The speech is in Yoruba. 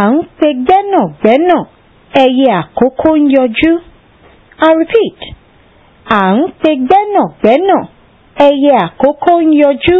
À ń pe gbẹ́nàgbẹ́nà ẹyẹ àkókó ń yọjú. I repeat, à ń pe gbẹ́nàgbẹ́nà ẹyẹ àkókó ń yọjú.